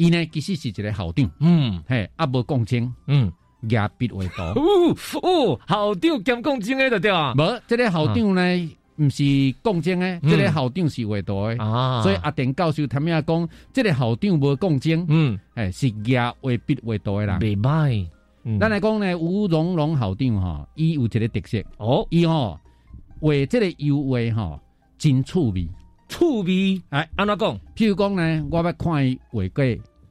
伊呢其實是一個校長，嗯，係啊，無共情，嗯，攑筆畫圖，哦 哦，校、哦、長兼共情嘅就對、這個、啊，無即、嗯這個校長呢毋是共情嘅，即個校長是畫圖嘅，啊，所以阿田教授他們阿講，即、啊這個校長無共情，嗯，係攑畫筆畫圖嘅啦，未賣、嗯，咱來講呢吳榮隆校長吼、哦，伊有一個特色，哦，伊吼畫即個油畫吼、哦，真趣味，趣味，哎，安、啊、怎講，譬如講呢，我要看伊畫過。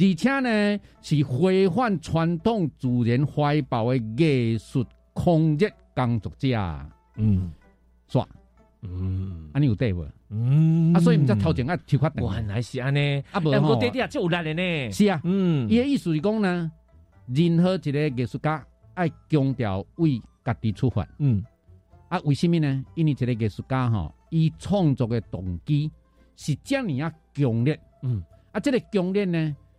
而且呢，是回返傳統自然懷抱嘅藝術創作工作者。嗯，是嗯，安、啊、尼有對不？嗯，啊，所以唔只頭前啊、欸，頭發原來是安尼啊，呢啊，不，我弟弟啊，真有力咧呢。是啊，嗯，伊嘅意思是講呢，任何一個藝術家愛強調為家己出發。嗯，啊，為什麼呢？因為一個藝術家吼，伊創作嘅動機是這樣樣強烈。嗯，啊，這個強烈呢？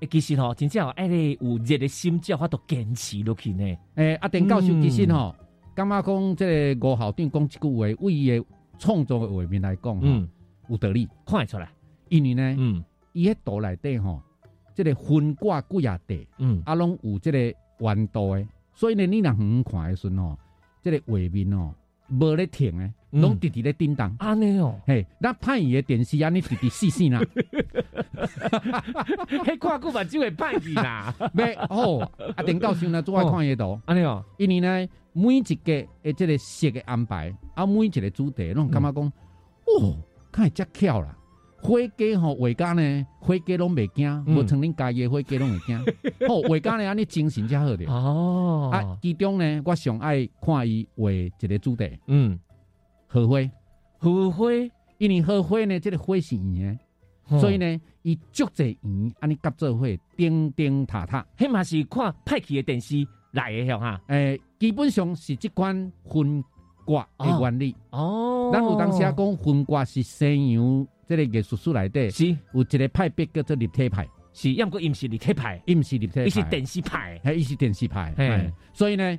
誒、欸啊嗯，其實吼真正誒，個有熱嘅心之後，都堅持落去呢。誒，阿田教授其實吼感覺講即個吳校長講呢句話，為伊的創作的畫面來講，嗯，有道理，看得出來。因為呢，嗯，伊喺圖內底吼即個分掛幾下地，嗯，阿、啊、攏有即個彎道的。所以呢，你若遠看的時候，即、這個畫面吼冇得停嘅。攏直直咧叮當，安尼哦嘿，咱拍伊嘅電視安尼直直死死啦。嘿，刺刺 看久目睭會拍戲啦。袂哦，啊，阿田教授呢，拄愛看嘢圖安尼哦、喔。因為呢，每一的個誒，即個戲嘅安排啊，每一個主題，攏感覺講、嗯，哦，較會遮巧啦。花甲吼，畫、嗯、家呢，花甲攏袂驚，無像恁家己嘅花甲攏會驚。哦，畫家呢，安尼精神真好着哦。啊，其中呢，我上愛看伊畫一個主題，嗯。荷花，荷花，因為荷花呢，這個花是圓、嗯，所以呢，伊足濟圓，安尼夾做花，頂頂塌塌起碼是看派去的電視來的哈。誒、欸，基本上是這款分割的原理。哦。哦咱有當時講分割是西洋這個藝術書內底。是。有一個派別叫做立體派，是，又唔過伊唔是立體派，唔是立體派，伊是電視派，伊是電視派、欸嗯。所以呢。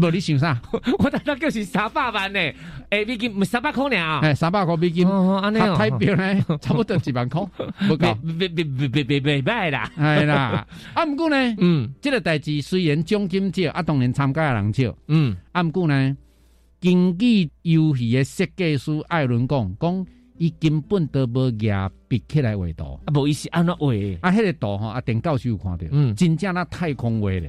無、啊、你想啥，我睇到就是、欸、三百萬誒，欸美金毋是三百塊爾吓，誒三百塊美金，太彪啦，差不多一萬塊，唔夠，唔唔唔唔唔唔唔唔唔歹啦，係 啦，啊毋過呢，嗯，呢、這個代志雖然獎金少，啊，當然參加的人少，嗯，啊毋過呢，競技遊戲的設計師艾倫講，講，伊根本都無夾筆起來畫圖，啊無係是安怎畫，啊，迄個圖哈，阿田教授有看着，嗯，真正那太空畫的。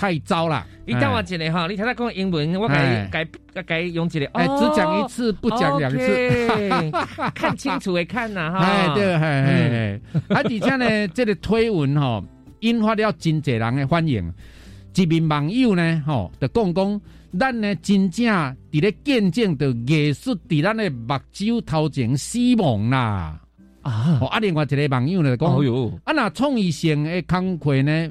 太糟了！你旦我一嘞哈，你頭才講英文，我給你改改改用一個，哦欸、只講一次，不講兩次，哦、okay, 看清楚誒、啊，看呐哈。對，嘿，還、 啊、而且呢，這個推文哈引發了真儕人嘅歡迎。 一名網友呢，哈、哦、就講講，咱呢真正佇咧見證着藝術佇咱嘅目睭頭前死亡啦啊！啊，另外一個網友咧講，啊若創意性嘅工課呢？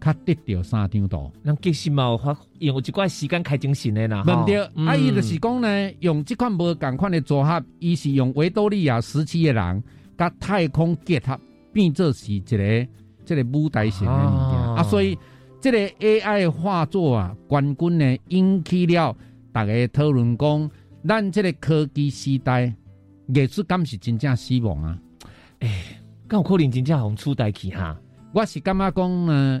他得掉三張圖，那其實冇發用一寡時間開精神的啦。冇得、哦，啊，伊、嗯、就是講呢，用即款冇同款的組合，伊是用維多利亞時期嘅人甲太空結合，變做是一個即個舞台型嘅物件啊。所以即個 AI 畫作啊，冠軍呢引起了大家討論，講咱即個科技時代藝術感是真正死亡啊。哎、欸，咁有可能真正互取代去哈？我是感覺講呢？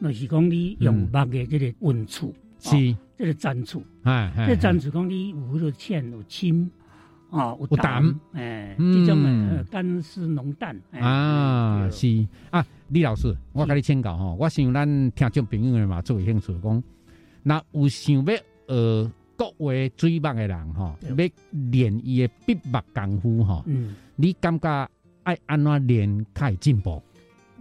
就是講你用墨嘅，即是運觸，是，即是蘸觸，係，即係蘸觸，講啲有度纖又有、嗯欸嗯嗯、啊，有、欸、淡，誒，呢種乾濕濃淡，啊，是，啊，李老師，我跟你請教，吼、哦，我想，咱聽眾朋友嘛最興趣講，若有想要誒，學國畫水墨嘅人，嗬、哦，要練伊嘅筆墨功夫，吼、哦嗯，你感覺要安怎練，較會進步？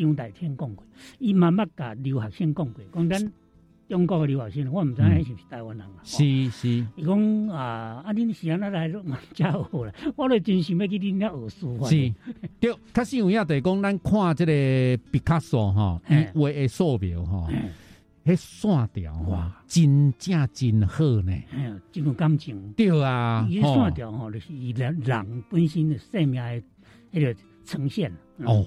張大千講過，伊嘛捌甲留學生講過，講咱中國的留學生，我毋知影是毋是台灣人、嗯、啊？是是，伊講啊，阿是安怎來嚟嘛，真好啦！我都真想要去恁啲學書法，是，對，確實、哦、有影。嘢、哦，是講，咱看即個畢卡索，伊畫的素描，吼，迄線條，哇，真正真好呢。哎啊，真有感情。對啊，伊嗰線條，吼就是以人人本身的性命，迄、那個呈現。嗯、哦。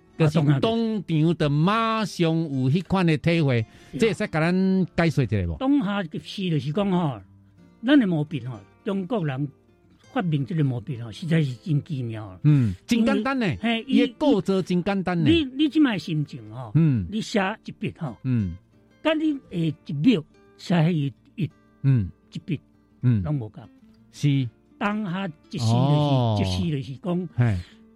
上、就是、當場的馬上有嗰款的體會，即係使教咱解說一下。當下嘅事就是講嗬，咱的毛病嗬，中國人發明呢個毛病嗬，實在是真奇妙。嗯，真簡單嘅，伊的構造真簡單。你你呢次心情嗬，嗯，你寫一筆嗬，嗯，但你誒一筆寫起一嗯一筆，嗯，都冇講，是當下一時就是一時、哦、就是講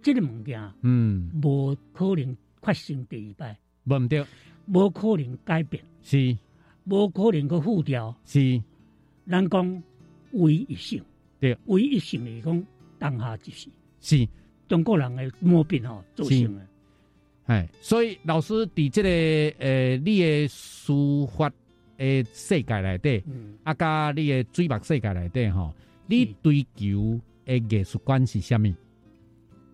這個物件，嗯，無可能發生第二擺，沒不對，無可能改變，是，無可能個複調，是。人講唯一性，對，唯一性嚟講，當下就是，是。中國人的毛病哦，造成。哎，所以老師，佇這個誒、呃，你嘅書法誒世界內底，嗯，阿、啊、加你嘅水墨世界內底吼，你追求誒藝術觀是蝦米？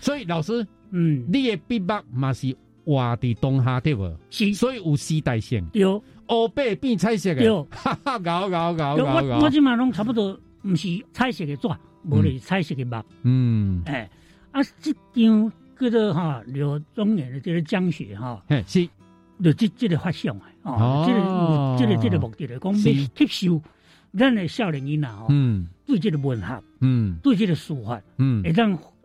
所以老師嗯，嗯，你嘅筆墨嘛是畫啲當下啲啵？是，所以有時代性對，由烏白變彩色嘅，由，哈，哈，搞搞搞搞。我我今日攏差不多唔是彩色嘅紙，冇是彩色嘅墨，嗯，誒、嗯欸，啊，這張叫做哈、啊，柳宗元嘅即個江雪哈、啊。嘿，是，就即即、這個畫像、啊，哦，即個即個即個目的來講，係吸收咱嘅少年囡啊，嗯，對即個文學，嗯，對即個書法，嗯，會當。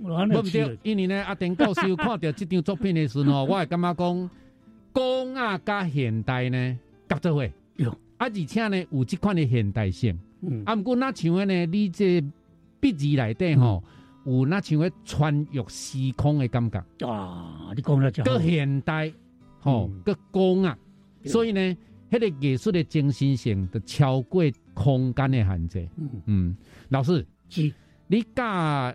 我唔知，因為呢，阿田教授看到這張作品的時候， 我係感覺講，工啊加現代呢，夾做伙，啊而且呢有即款嘅現代性，嗯、啊唔過那像嘅呢，你這筆字內底吼，嗯、有那像嘅穿越時空嘅感覺，啊，現代，吼個工啊，所以呢，迄、那個藝術嘅精神性就超過空間嘅限制，嗯，嗯老師，是，你加。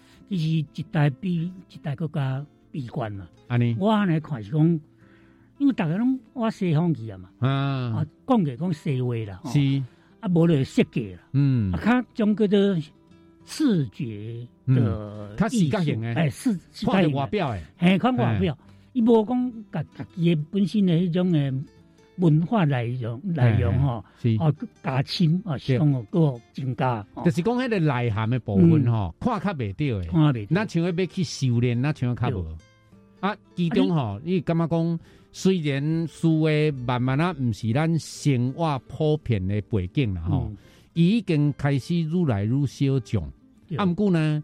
伊是一代比一代國家悲觀嘛。安尼，我安尼看是講，因為大家攏我西方去啊嘛、嗯，啊，講起講西話啦，是、喔、啊，無就設計啦，嗯，啊，看中嗰種視覺的，視覺誒，視視覺外表誒，很、欸、看外表，伊無講家家己嘅本身嘅一種誒。文化內容內容是哦加深哦上嗰個增加，就是講迄個內涵嘅部分嗬、哦，看較袂着嘅。那像要要去修煉，那像較無啊，其中吼、哦啊，你感覺講，雖然書嘅慢慢啊毋是咱生活普遍嘅背景啦、哦，嗬、嗯，已經開始愈來愈小眾，咁毋過呢？